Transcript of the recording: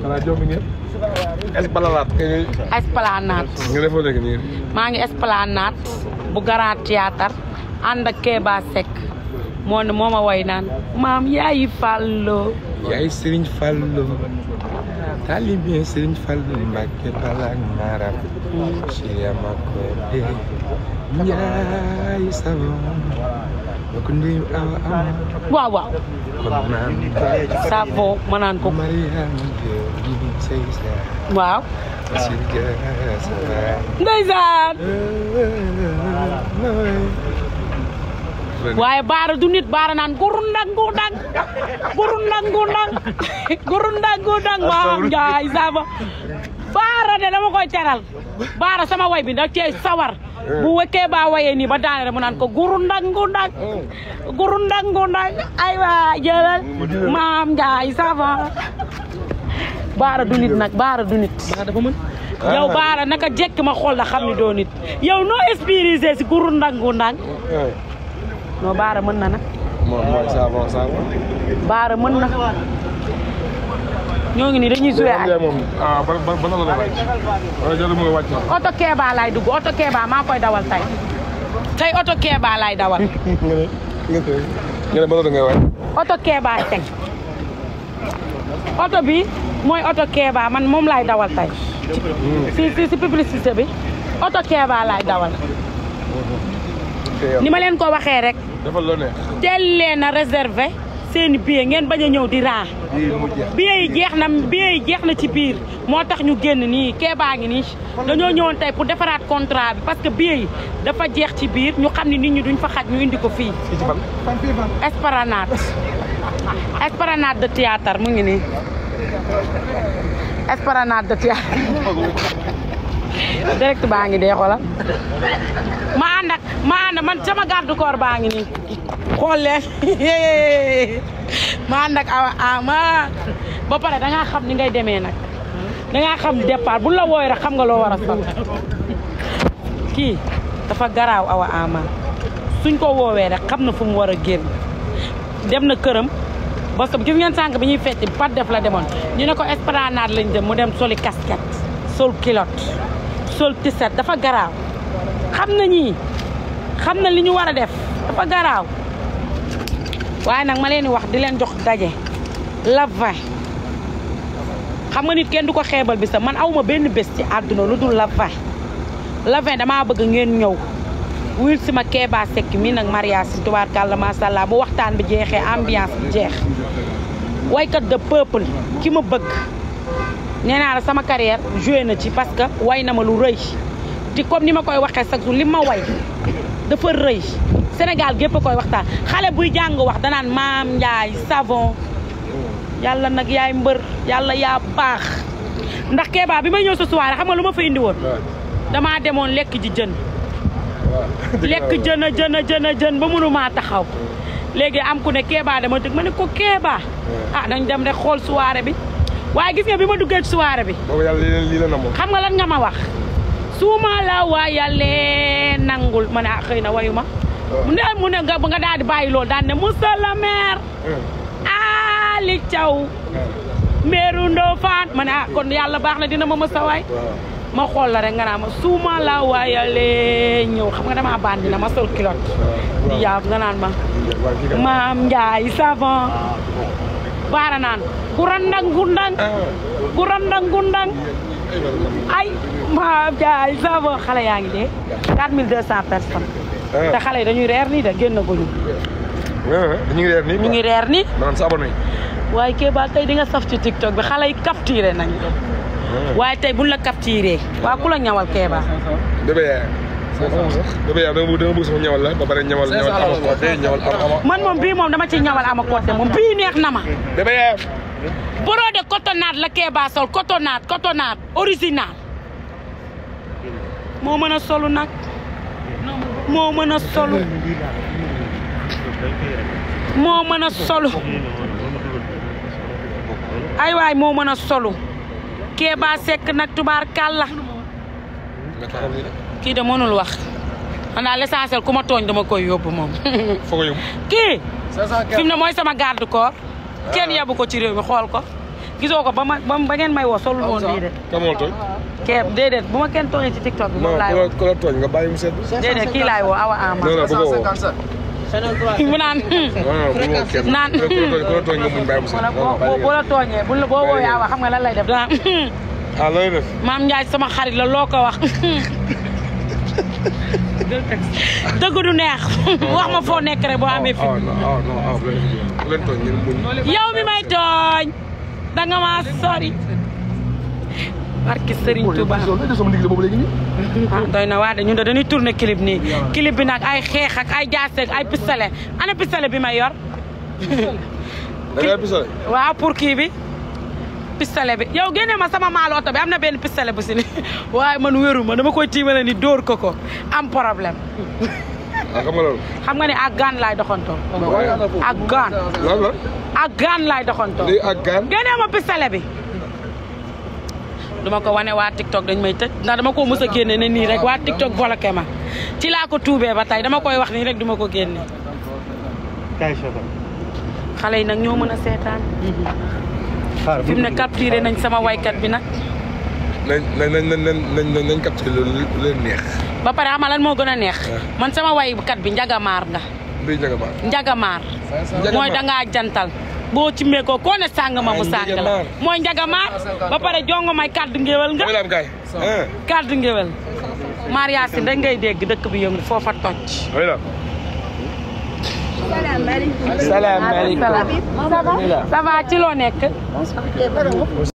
xanaa jomb bu Grand Théâtre ak Kéba Seck moo ne way naan maam yaayi fallo, yaayi Serigne Fallou. Talibé Serigne Fallou Mbacke Balak Maram. Cheikh Makodé. Ya Ndiaye awa awa. ko. Mariam seja. Wow. Seja ndeysaan waaye baara du nit baara naan gurundang gurundang gurundang eh. gurundang oh. gurundang gurundang maam njaay sama baara de dama koy teral baara sama way bi da cee sawar bu wëkkee baa wayee nii ba daane rek mu ko gurundang gurundang gurundang gurundang ay waa ah, jëlal maam njaay sama baara du nit nag baara du nit. dafa ah. naka jekk ma xool la xam ni doo nit. yow noo spécialisé si guru ndangu ndang. non baara mën na nag. moom baara mën na. ñoo ngi nii dañuy joué ak. ah ban ban oto keebaa laay dugg oto keebaa maa koy dawal tay tey oto keebaa laay dawal. oto ngay wàcc. oto keebaa mooy oto Kéba man moom laay dawal tey si si si publicité bi oto Kéba laay dawal ni ma leen ko waxee rek teel na a seen seeni billet ngeen bañ a ñëw di raa billet yi jeex na billet yi jeex na ci biir moo tax ñu génn nii Kéba ngi nii dañoo ñëwoon tey pour defaraat contrat bi parce que billet yi dafa jeex ci biir ñu xam ne nit ñu duñ fa xaj ñu indi ko fii esplanade esplanade de théâtre mu ngi nii Es dat jaar direct bangi dia dee Mana, ma mana ak ma ànd man sama garde corps baa ngi nii ma ànd ak ba pare da xam ni ngay nak da xam départ bu la rek xam nga awa ama suñ ko woowee rek xam na fu dem na parce que gis ngeen sànq bi ñuy fétti pat def la démon ñu ne ko esplanade lañ dem mu dem soli casquette sol culotte sol t-shirt dafa garaaw xamna ñi xamna li ñu wara def dafa garaaw waye nak ma leen wax di leen jox dajé la vingt xam nga nit kenn du ko xeebal bi sa man awuma benn bés ci aduna lu dul la vingt la vingt dama bëgg ngeen ñëw wuyul si ma Kéba Seck mi nag mariage si tubaarkàlla macha allah bu waxtaan bi jeexee ambiance bi jeex waykat de peuple ki ma bëgg nee naa sama carrière joué na ci parce que way na ma lu rëy te comme ni ma koy waxee sax li ma way dafa rëy Sénégal gépp koy waxtaan xale buy jàng wax danaan maam Ndiaye savon yàlla nag yaay mbër yàlla yaa baax ndax Kéba bi may ñëw sa soirée xam lu ma fa indi woon damaa demoon lekk ji jën lekk jën a jën a jën a jën ba mënumaa taxaw léegi am ku ne keebaa dama dëgg ma ne ko keebaa ah dañ dem rek xool soirée bi waaye gis nga bi ma duggee suwaare soirée bi xam nga lan nga ma wax suuma la waa yàlla nangul ma ne ah xëy na wayu ma mu ne nga nga daal di bàyyi loolu daal ne monsieur le maire Ali Thiaw meeru ma ne ah kon yàlla baax na dina ma mës a waay ma xool la rek nga naa ma suuma la waayalee ñëw xam nga damaa bandi na ma sol culotte di yaab nga naan ma maam Njaay savon baara naan gurandang gundang gurandang ay maam Njaay savon xale yaa ngi dee quatre mille deux cent personnes ah. te xale yi dañuy reer nii de génn guñu ah, ñu ngi reer nii ngi reer nii maanaam sa waaye kee ba tey di nga saf ci TikTok bi xale yi capturé nañu waaye tey buñ la capturé waa ku la ñawal Kéba. Bébé Yaay. Bébé Yaay da ñawal la ba pare ñawal man moom bii moom dama ci ñawal Amakode moom bii neex na ma. Bébé Yaay. borode cotonnade la Kéba sol cotonnade cotonnade original. moo mën a solu nag. moo mën a solu. moo mën a solu. ay waay moo mën a solu. Kéba sekk nag tubaar kàlla. kii de mënul wax. man daal l'essentiel ku ma tooñ dama koy yóbbu moom. foo yóbbu. kii. fi ne mooy sama garde corps. Ah. kenn yabu ko ci réew mi xool ko. gisoo ko ba ma ba ngeen may woo solul woon lii de. Ah, kan moo tooñ. kee ma kenn tooñee ci tiktok bi. moom laay woo non ku la tooñ nga bàyyi mu seet. déedéet kii laay woo awa ama. bu naan naan boo la tooñee bu la boo woo yaa wax nga lan lay def daan ah looy maam Ndiaye sama xarit la loo ko wax dëgg neex wax ma foo nekk rek boo amee ah, fi ah, ah, yow mi may tooñ danga ma sori barki Serigne Touba ah doy na waa de ñun de dañuy tourner clip nii. clip bi nag ay xeex ak ay jaase ay pistolet ana pistolet bi may yor. pistolet waaw pour kii bi. pistolet bi yow génne ma sama maalo oto bi am na benn pistolet bu si ni waaye man wéru ma dama koy tiimale ni dóor ko ko am problème. ah xam nga ni xam nga ak gaan laay doxonto ak gaan. ak gaan laay doxantoo. bi. du ma ko wane waa TikTok dañ may tëj ndax dama koo mës a génne ne nii rek waa TikTok bloqué ma ci laa ko tuubee ba tey dama koy wax nii rek du ma ko génne. xale yi nag ñoo mën a seetaan. xaaral fi mu ne nañ sama waykat bi nag. nañ nañ nañ nañ neex. ba pare ama lan moo gën a neex. Ah. man sama waykat bi njagamaar nga. ndig njagamaar. njagamaar. mooy dangaa jantal. boo ci meekoo koo ne sàng ma mu sàng la mooy njagamaar ba pare jongo may kàddu ngéwél nga ah. Ah. kàddu ngéwél mariasin da ngay dégg dëkk bi yëngu foofa toj salaamaaleykum salaamaaleykum ça va ci loo nekk